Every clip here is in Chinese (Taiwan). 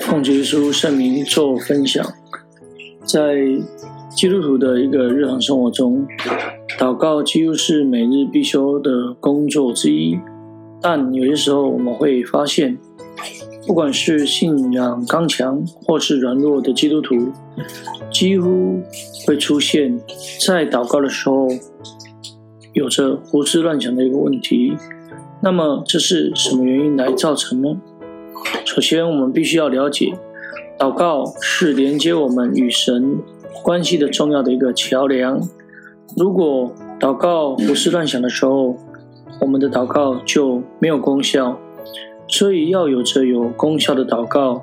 奉主耶穌聖名做分享，在基督徒的一個日常生活中，禱告幾乎是每日必修的工作之一。但有些時候，我們會發現，不管是信仰剛強或是軟弱的基督徒，幾乎會出現在禱告的時候，有着胡思亂想的一個問題。那麼，這是什麼原因來造成呢？首先，我們必須要了解，禱告是連接我們與神關係的重要的一個橋樑。如果禱告胡思亂想的時候，我們的禱告就沒有功效。所以，要有着有功效的禱告，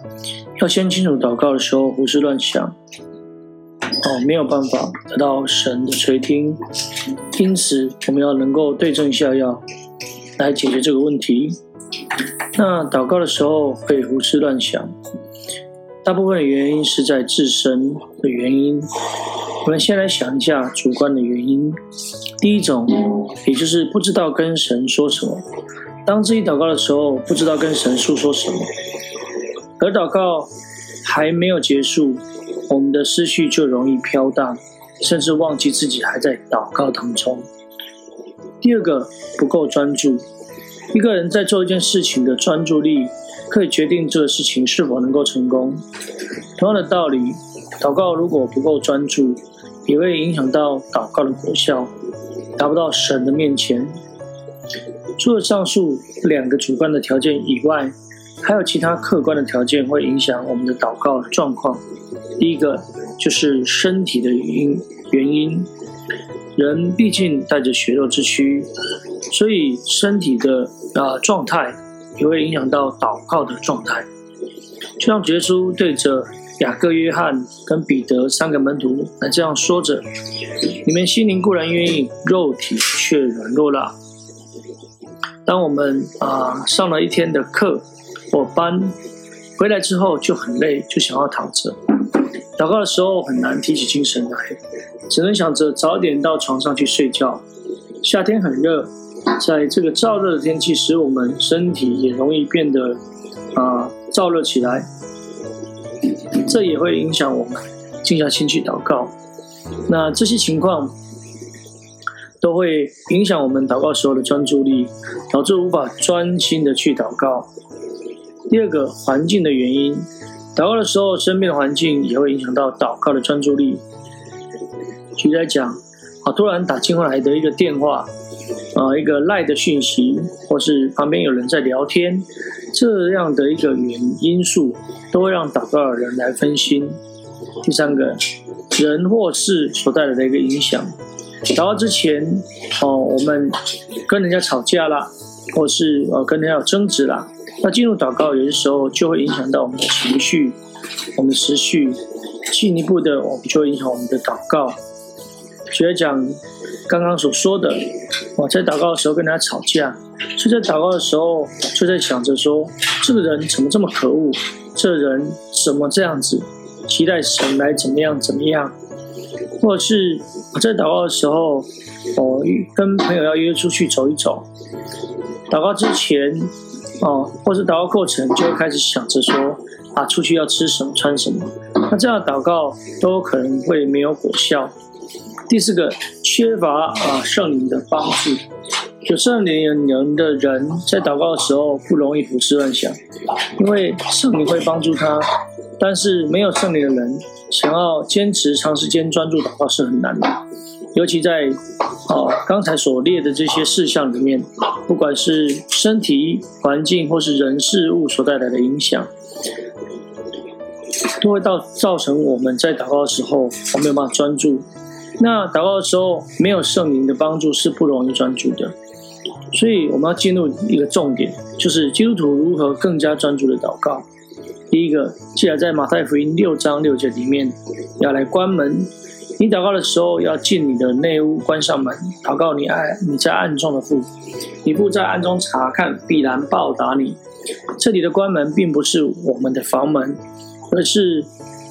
要先清楚禱告的時候胡思亂想，哦，沒有辦法得到神的垂聽。因此，我們要能夠對症下藥，來解決這個問題。那禱告的時候會胡思亂想，大部分的原因是在自身的原因。我們先來想一下主觀的原因。第一種，也就是不知道跟神說什麼。當自己禱告的時候，不知道跟神訴說什麼，而禱告還沒有結束，我們的思緒就容易飄蕩，甚至忘記自己還在禱告當中。第二個，不夠專注。一個人在做一件事情的專注力，可以決定這個事情是否能夠成功。同樣的道理，禱告如果不夠專注，也會影響到禱告的果效，達不到神的面前。除了上述兩個主觀的條件以外，還有其他客觀的條件會影響我們的禱告狀況。第一個就是身體的原因原因，人畢竟帶着血肉之軀。所以身體的啊、呃、狀態，也會影響到禱告的狀態。就像耶穌對着雅各、約翰跟彼得三個門徒來這樣說着：“你們心靈固然願意，肉體卻軟弱了。”當我們啊、呃、上了一天的課或班回來之後就很累，就想要躺着。禱告的時候很難提起精神來，只能想着早點到床上去睡覺。夏天很熱。在這個燥熱的天氣，使我們身體也容易變得啊燥熱起來，這也會影響我們靜下心去禱告。那這些情況都會影響我們禱告時候的專注力，導致無法專心的去禱告。第二個環境的原因，禱告的時候身邊的環境也會影響到禱告的專注力。舉例來講，啊，突然打進來的一個電話。啊，一個賴的訊息，或是旁邊有人在聊天，這樣的一個原因，因素，都會讓禱告的人來分心。第三個，人或事所帶來的一個影響。禱告之前，哦，我們跟人家吵架啦，或是呃跟人家有爭執啦，那進入禱告，有的時候就會影響到我們的情緒，我們的情緒進一步的，我們就會影響我們的禱告。學長，講，剛剛所說的，我在禱告的時候跟他吵架，就在禱告的時候就在想着說，這個人怎麼這麼可惡，這人怎麼這樣子，期待神來怎麼樣怎麼樣，或者是我在禱告的時候，我跟朋友要約出去走一走，禱告之前或是禱告過程就會開始想着說，啊，出去要吃什麼穿什麼，那這樣的禱告都可能會沒有果效。第四個，缺乏啊聖靈的幫助。有聖靈的人的人，在禱告的時候不容易胡思亂想，因為聖靈會幫助他。但是沒有聖靈的人，想要堅持長時間專注禱告是很難的。尤其在啊剛才所列的這些事項裡面，不管是身體環境或是人事物所帶來的影響，都會到造成我們在禱告的時候，我沒有辦法專注。那禱告的時候沒有聖靈的幫助是不容易專注的，所以我們要進入一個重點，就是基督徒如何更加專注的禱告。第一個，既然在馬太福音六章六節裡面要來關門，你禱告的時候要進你的內屋，關上門，禱告你愛你在暗中的父，你父在暗中察看，必然報答你。這裡的關門並不是我們的房門，而是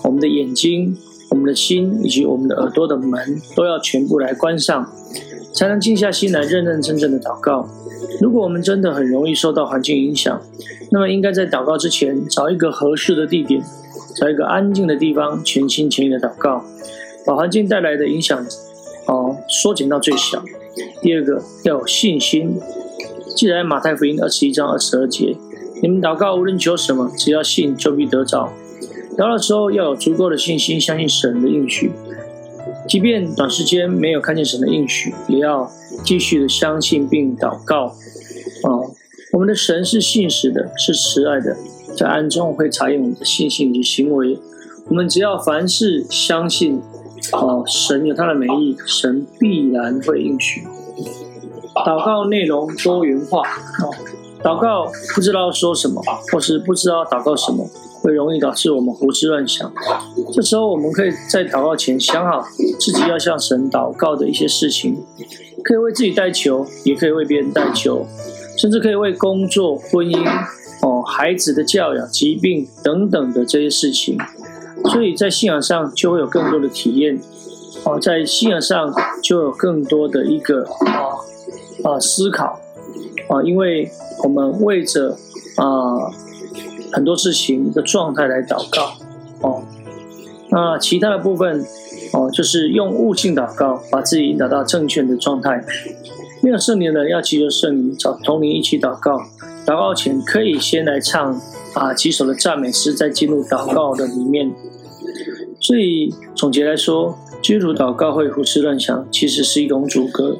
我們的眼睛。我們的心以及我們的耳朵的門都要全部來關上，才能靜下心來，認認真真的禱告。如果我們真的很容易受到環境影響，那麼應該在禱告之前找一個合適的地點，找一個安靜的地方，全心全意的禱告，把環境帶來的影響哦縮減到最小。第二個要有信心，既然馬太福音二十一章二十二節，你們禱告無論求什麼，只要信，就必得着。禱告的時候要有足夠的信心，相信神的應許。即便短時間沒有看見神的應許，也要繼續的相信並禱告。啊、哦，我們的神是信實的，是慈愛的，在暗中會查驗我們的信心及行為。我們只要凡事相信，啊、哦、神有他的美意，神必然會應許。禱告內容多元化，哦、禱告不知道說什麼，或是不知道禱告什麼，會容易導致我們胡思亂想，這時候我們可以在禱告前想好自己要向神禱告的一些事情，可以為自己代求，也可以為別人代求，甚至可以為工作、婚姻、哦、孩子的教養、疾病等等的這些事情。所以在信仰上就會有更多的體驗，哦、在信仰上就有更多的一個、哦、啊啊思考，啊、哦，因為我們為着。很多事情的狀態來禱告哦，那其他的部分哦，就是用悟性禱告，把自己引導到正確的狀態。沒有聖靈的人要祈求聖靈，找同靈一起禱告。禱告前可以先來唱啊幾首的讚美詩，再進入禱告的裡面。所以總結來說，基督徒禱告會胡思亂想，其實是一種阻隔。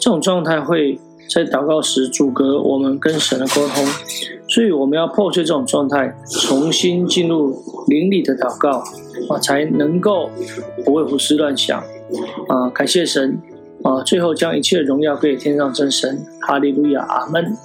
這種狀態會在禱告時阻隔我們跟神的溝通。所以我們要破碎這種狀態，重新進入靈裡的禱告啊，才能夠不會胡思亂想啊，感謝神啊，最後將一切榮耀歸給天上真神，哈利路亞，阿門。